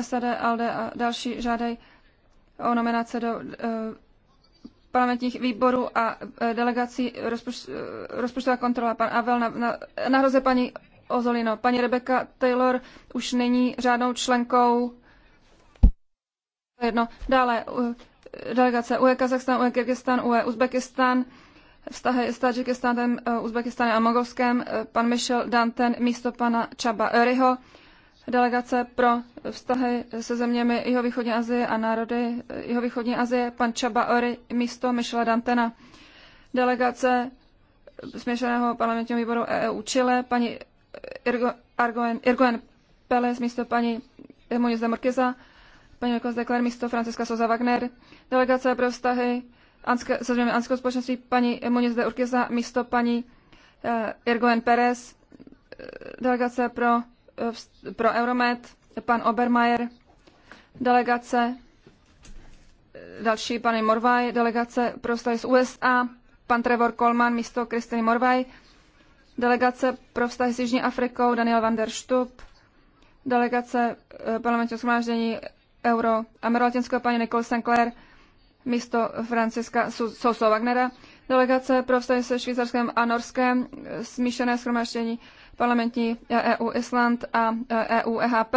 SAD, ALDE a další žádají o nominace do eh, parlamentních výborů a eh, delegací eh, rozpočtová kontrola. Pan Avel na, na, na hroze paní Ozolino. Paní Rebecca Taylor už není žádnou členkou. Jedno. Dále delegace UE Kazachstan, UE Kyrgyzstan, UE Uzbekistan, vztahy s Tadžikistánem, Uzbekistánem a Mogovském, pan Michel Danten místo pana Čaba Öryho delegace pro vztahy se zeměmi Jihovýchodní Azie a národy Jihovýchodní Azie, pan Čaba Ory místo Michela Dantena. Delegace směšeného parlamentního výboru EU e Chile, paní Irgo, Argoen, Irgoen Pele, místo paní Moniz de Morkiza, paní Nikos Kler, místo Franciska Soza Wagner, delegace pro vztahy Anske, se zeměmi Anského společenství paní Moniz de Urkiza místo paní eh, Irgoen Perez, eh, delegace pro pro Euromed, pan Obermeier, delegace, další paní Morvaj, delegace pro vztahy z USA, pan Trevor Coleman místo Kristiny Morvaj, delegace pro vztahy s Jižní Afrikou Daniel van der Stup, delegace eh, parlamentního schromáždění Euro, Amerolatinského paní Nicole Sinclair, místo Franciska Soso Wagnera, delegace pro vztahy se Švýcarskem a Norskem, smíšené schromáždění parlamentní EU Island a EU e EHP,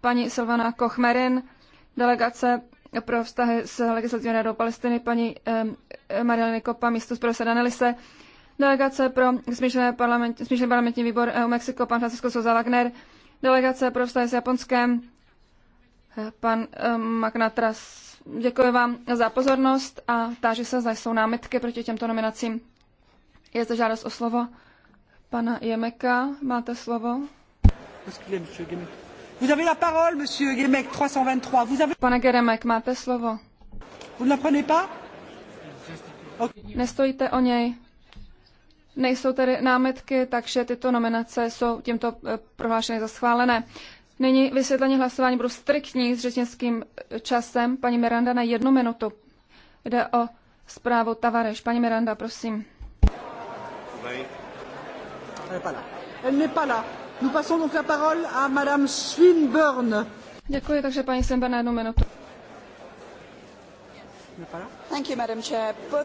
paní Silvana Kochmerin, delegace pro vztahy s legislativní radou Palestiny, paní eh, Marielny Kopa, místo z Danelise, delegace pro smíšené parlament, smíšený parlamentní výbor EU Mexiko, pan Francisco Souza Wagner, delegace pro vztahy s Japonskem, e, pan eh, Magnatras Děkuji vám za pozornost a táži se, zda jsou námitky proti těmto nominacím. Je zde žádost o slovo pana Jemeka. Máte slovo. Vous avez la parole, monsieur Gemek 323. Vous avez... Pane Geremek, máte slovo. Vous ne prenez pas? Okay. Nestojíte o něj. Nejsou tedy námitky, takže tyto nominace jsou tímto eh, prohlášeny za schválené. Nyní vysvětlení hlasování budu striktní s řečnickým časem. Paní Miranda na jednu minutu. Jde o zprávu Tavareš. Paní Miranda, prosím. Děkuji, takže paní Swinburne na jednu minutu. Thank you, Madam Chair.